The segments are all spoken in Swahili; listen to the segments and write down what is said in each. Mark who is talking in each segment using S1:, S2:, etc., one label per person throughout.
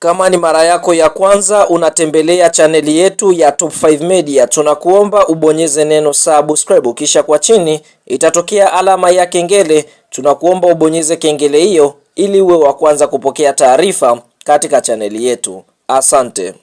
S1: Kama ni mara yako ya kwanza unatembelea chaneli yetu ya Top 5 Media, tunakuomba ubonyeze neno subscribe, kisha kwa chini itatokea alama ya kengele. Tunakuomba ubonyeze kengele hiyo ili uwe wa kwanza kupokea taarifa katika chaneli yetu. Asante.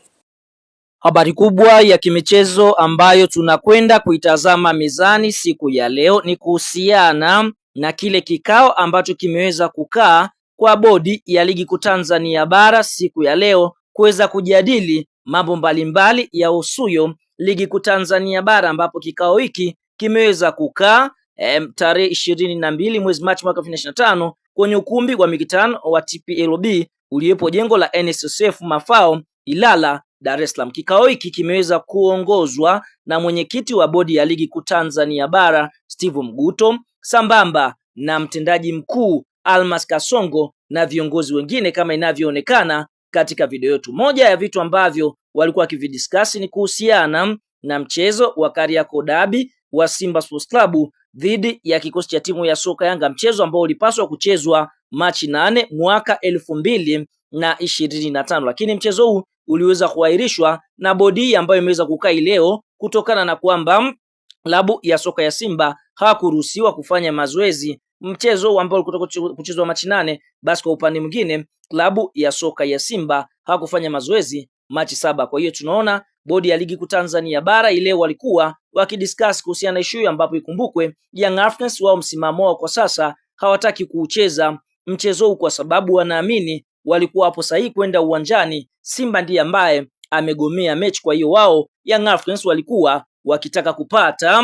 S2: Habari kubwa ya kimichezo ambayo tunakwenda kuitazama mezani siku ya leo ni kuhusiana na kile kikao ambacho kimeweza kukaa kwa bodi ya ligi kuu Tanzania bara siku ya leo kuweza kujadili mambo mbalimbali ya usuyo ligi kuu Tanzania bara ambapo kikao hiki kimeweza kukaa e, tarehe ishirini na mbili mwezi Machi mwaka elfu mbili ishirini na tano kwenye ukumbi wa mikutano wa TPLB uliopo jengo la NSSF Mafao Ilala, Dar es Salaam. Kikao hiki kimeweza kuongozwa na mwenyekiti wa bodi ya ligi kuu Tanzania bara Steve Mguto sambamba na mtendaji mkuu Almas Kasongo na viongozi wengine kama inavyoonekana katika video yetu. Moja ya vitu ambavyo walikuwa wakividiskasi ni kuhusiana na mchezo wa Kariakoo Derby wa Simba Sports Club dhidi ya kikosi cha timu ya soka Yanga, mchezo ambao ulipaswa kuchezwa Machi nane mwaka elfu mbili na ishirini na tano lakini mchezo huu uliweza kuahirishwa na bodi ambayo imeweza kukaa leo kutokana na kwamba klabu ya soka ya Simba hawakuruhusiwa kufanya mazoezi mchezo ambao ulikuwa kuchezwa Machi nane, basi kwa upande mwingine klabu ya soka ya Simba hawakufanya mazoezi Machi saba. Kwa hiyo tunaona bodi ya ligi kuu Tanzania bara ile walikuwa wakidiscuss kuhusiana na issue ambapo ikumbukwe Young Africans wao msimamo wao kwa sasa hawataki kuucheza mchezo huu kwa sababu wanaamini walikuwa hapo sahihi kwenda uwanjani. Simba ndiye ambaye amegomea mechi, kwa hiyo wao Young Africans walikuwa wakitaka kupata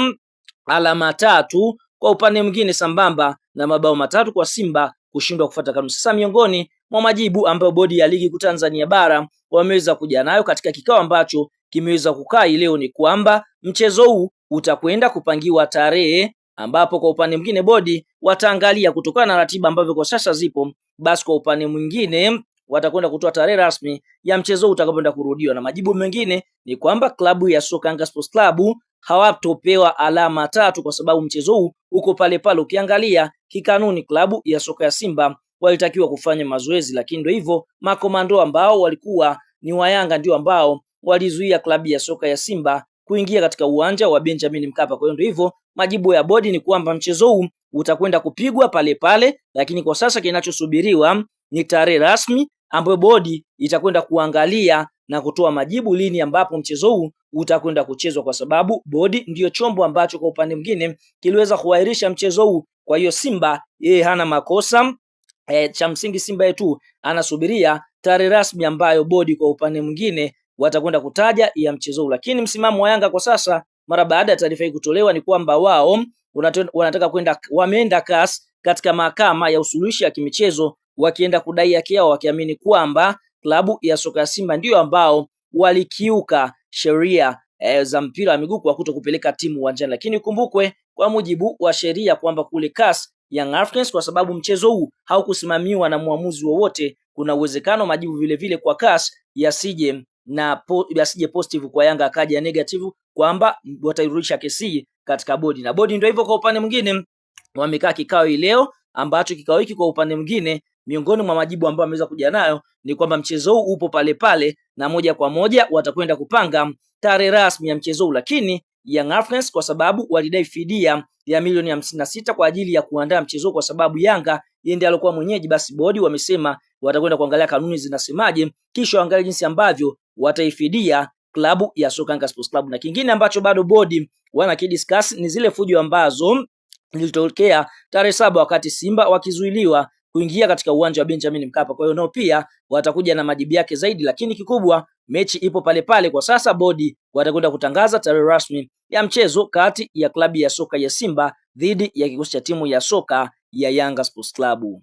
S2: alama tatu. Kwa upande mwingine, sambamba na mabao matatu kwa Simba kushindwa kufuata kanuni. Sasa miongoni mwa majibu ambayo bodi ya ligi kuu Tanzania bara wameweza kuja nayo katika kikao ambacho kimeweza kukaa leo ni kwamba mchezo huu utakwenda kupangiwa tarehe ambapo kwa upande mwingine bodi wataangalia kutokana na ratiba ambavyo kwa sasa zipo, basi kwa upande mwingine watakwenda kutoa tarehe rasmi ya mchezo utakapoenda kurudiwa, na majibu mengine ni kwamba klabu ya soka Yanga Sports Club hawatopewa alama tatu kwa sababu mchezo huu uko pale pale. Ukiangalia kikanuni, klabu ya soka ya Simba walitakiwa kufanya mazoezi, lakini ndio hivyo, makomando ambao walikuwa ni wayanga ndio ambao walizuia klabu ya soka ya Simba kuingia katika uwanja wa Benjamin Mkapa. Kwa hiyo ndio hivyo, majibu ya bodi ni kwamba mchezo huu utakwenda kupigwa pale pale, lakini kwa sasa kinachosubiriwa ni tarehe rasmi ambayo bodi itakwenda kuangalia na kutoa majibu lini ambapo mchezo huu utakwenda kuchezwa, kwa sababu bodi ndiyo chombo ambacho kwa upande mwingine kiliweza kuahirisha mchezo huu. Kwa hiyo Simba yeye hana makosa e, cha msingi Simba yetu anasubiria tarehe rasmi ambayo bodi kwa upande mwingine watakwenda kutaja ya mchezo huu. Lakini msimamo wa Yanga kwa sasa mara baada ya taarifa hii kutolewa ni kwamba wao wanataka kwenda wameenda CAS katika mahakama ya usuluhishi ya kimichezo wakienda kudai haki yao wakiamini kwamba klabu ya soka ya Simba ndiyo ambao walikiuka sheria e, za mpira wa miguu kwa kuto kupeleka timu uwanjani, lakini kumbukwe kwa mujibu wa sheria kwamba kule CAS Young Africans, kwa sababu mchezo huu haukusimamiwa na mwamuzi wowote, kuna uwezekano majibu vile vile kwa CAS yasije na po, yasije positive kwa Yanga akaja negative kwamba watairudisha kesi katika bodi, na bodi ndio hivyo. Kwa upande mwingine wamekaa kikao hii leo ambacho kikao hiki kwa upande mwingine Miongoni mwa majibu ambayo ameweza kuja nayo ni kwamba mchezo huu upo pale pale na moja kwa moja watakwenda kupanga tarehe rasmi ya mchezo huu, lakini Young Africans kwa sababu walidai fidia ya milioni hamsini na sita kwa ajili ya kuandaa mchezo huu, kwa sababu Yanga yeye ndiye alikuwa mwenyeji, basi bodi wamesema watakwenda kuangalia kanuni zinasemaje, kisha waangalie jinsi ambavyo wataifidia klabu ya soka Yanga Sports Club. Na kingine ambacho bado bodi wanakidiscuss ni zile fujo ambazo zilitokea tarehe saba wakati Simba wakizuiliwa kuingia katika uwanja wa Benjamin Mkapa. Kwa hiyo nao pia watakuja na majibu yake zaidi, lakini kikubwa mechi ipo pale pale kwa sasa. Bodi watakwenda kutangaza tarehe rasmi ya mchezo kati ya klabu ya soka ya Simba dhidi ya kikosi cha timu ya soka ya Yanga Sports Club.